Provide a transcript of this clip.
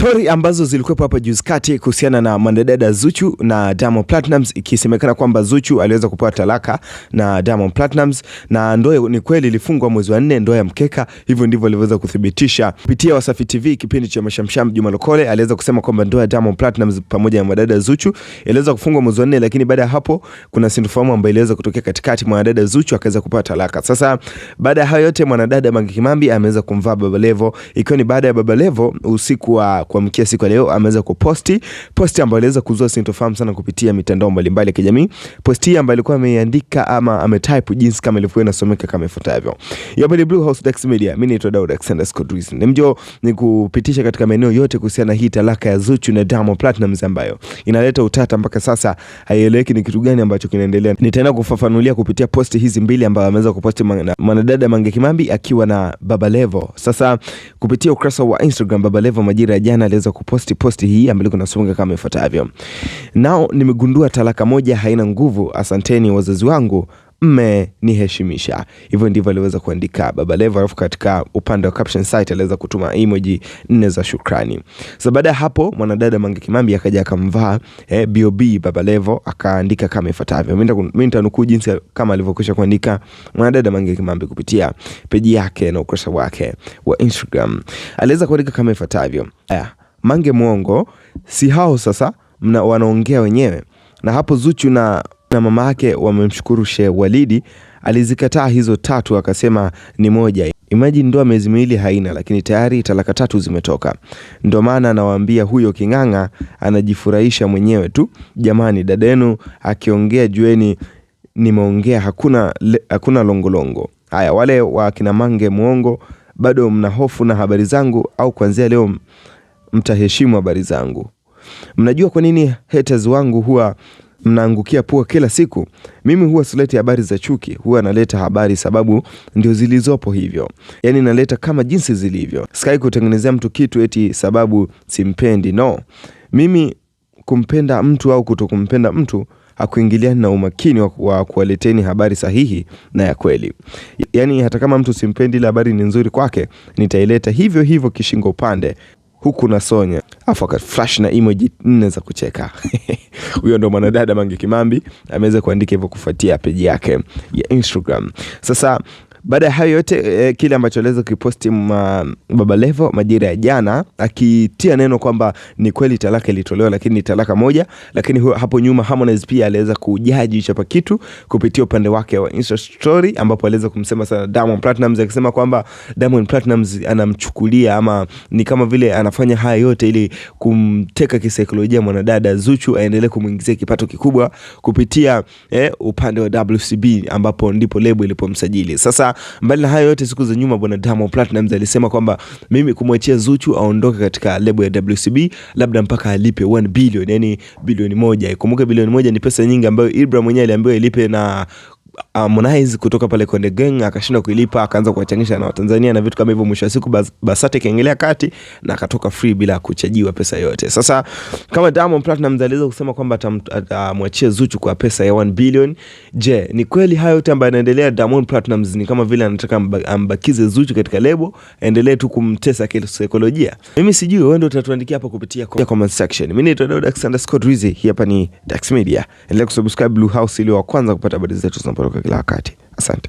Stori ambazo zilikuwepo hapa juzi kati kuhusiana na mwanadada Zuchu na Diamond Platnumz, ikisemekana kwamba Zuchu aliweza kupewa talaka na Diamond Platnumz, na ndoa ni kweli ilifungwa mwezi wa nne, ndoa ya mkeka. Hivyo ndivyo alivyoweza kuthibitisha kupitia Wasafi TV kipindi cha Mashamsham. Juma Lokole aliweza kusema kwamba ndoa ya Diamond Platnumz pamoja na mwanadada Zuchu iliweza kufungwa mwezi wa nne, lakini baada ya hapo kuna sintofahamu ambayo iliweza kutokea katikati, mwanadada Zuchu akaweza kupata talaka. Sasa baada ya hayo yote, mwanadada Mange Kimambi ameweza kumvaa Baba Levo, ikiwa ni baada ya Baba Levo usiku wa kuamkia siku ya leo ameweza kuposti posti ambayo iliweza kuzua sintofahamu sana kupitia mitandao mbalimbali ya kijamii. Posti hii ambayo alikuwa ameiandika ama ametype jinsi kama ilivyokuwa inasomeka kama ifuatavyo: Blue House Dax Media, mimi naitwa Daud Alexander Scott Reason, mjo ni kupitisha katika maeneo yote kuhusiana na hii talaka ya Zuchu na Diamond Platnumz ambayo inaleta utata mpaka sasa, haieleweki ni kitu gani ambacho kinaendelea. Nitaenda kufafanulia kupitia posti hizi mbili ambazo ameweza kuposti mwanadada Mange Kimambi akiwa na Baba Levo. Sasa kupitia ukurasa wa Instagram Baba Levo majira ya jana jana aliweza kuposti posti hii ambayo ilikuwa inasonga kama ifuatavyo: nao nimegundua talaka moja haina nguvu. Asanteni wazazi wangu mmeniheshimisha. Hivyo ndivyo aliweza kuandika Baba Levo, alafu katika upande wa caption site aliweza kutuma emoji nne za shukrani. Sasa baada ya hapo mwanadada Mange Kimambi akaja akamvaa eh, bob Baba Levo akaandika kama ifuatavyo. Mimi nitanukuu jinsi kama alivyokwisha kuandika mwanadada Mange Kimambi kupitia peji yake na ukurasa wake wa Instagram, aliweza kuandika kama ifuatavyo. Aya. Mange Mwongo si hao sasa mna, wanaongea wenyewe na hapo Zuchu na, na mama yake wamemshukuru Sheikh Walidi alizikataa hizo tatu akasema ni moja. Imagine ndoa miezi miwili haina, lakini tayari talaka tatu zimetoka. Ndo maana anawaambia huyo king'ang'a anajifurahisha mwenyewe tu. Jamani, yenu akiongea jueni nimeongea, hakuna, hakuna longolongo. Haya, wale wa kina Mange Mwongo bado mna hofu na habari zangu au kuanzia leo mtaheshimu habari zangu. Mnajua kwa nini haters wangu huwa mnaangukia pua kila siku? Mimi huwa sileti habari za chuki, huwa naleta habari sababu ndio zilizopo hivyo, yaani naleta kama jinsi zilivyo. Sikai kutengenezea mtu kitu eti sababu simpendi. No, mimi kumpenda mtu au kutokumpenda mtu akuingiliani na umakini wa kuwaleteni habari sahihi na ya kweli. Yaani hata kama mtu simpendi, ile habari ni nzuri kwake, nitaileta hivyo hivyo kishingo upande huku na Sonya, afu akaflash na emoji nne za kucheka. Huyo ndo mwanadada Mange Kimambi ameweza kuandika hivyo kufuatia peji yake ya Instagram. Sasa baada ya hayo yote eh, kile ambacho aliweza kuiposti mm, Baba Levo majira ya jana, akitia neno kwamba ni kweli talaka ilitolewa, lakini ni talaka moja. Lakini hapo nyuma Harmonize pia aliweza kujaji chapa kitu kupitia upande wake wa Insta story, ambapo aliweza kumsema sana Diamond Platnumz, akisema kwamba Diamond Platnumz anamchukulia ama ni kama vile anafanya haya yote ili kumteka kisaikolojia mwanadada Zuchu aendelee kumwingizia kipato kikubwa kupitia eh, upande wa WCB ambapo ndipo lebo ilipomsajili sasa mbali na hayo yote, siku za nyuma bwana Diamond Platnumz alisema kwamba mimi kumwachia Zuchu aondoke katika lebo ya WCB labda mpaka alipe 1 billion, yani bilioni moja. Ikumbuke bilioni moja ni pesa nyingi ambayo Ibra mwenyewe aliambiwa ilipe na Harmonize kutoka pale Konde Gang akashindwa kuilipa, akaanza kuwachangisha na Watanzania na vitu kama hivyo. Mwisho wa siku Basata ikaingilia kati na akatoka free bila kuchajiwa pesa yote. Sasa kama Diamond Platnumz aliweza kusema kwamba atamwachia Zuchu kwa pesa ya 1 billion, je, ni kweli hayo yote ambayo yanaendelea? Diamond Platnumz ni kama vile anataka ambakize Zuchu katika lebo, endelee tu kumtesa kisaikolojia? Mimi sijui, wewe ndio utatuandikia hapa kupitia comment section. Mimi naitwa Dax_Rizzy, hii hapa ni Dax Media. Endelea kusubscribe Blue House ili wa kwanza kupata habari zetu nitaporoka kila wakati. Asante.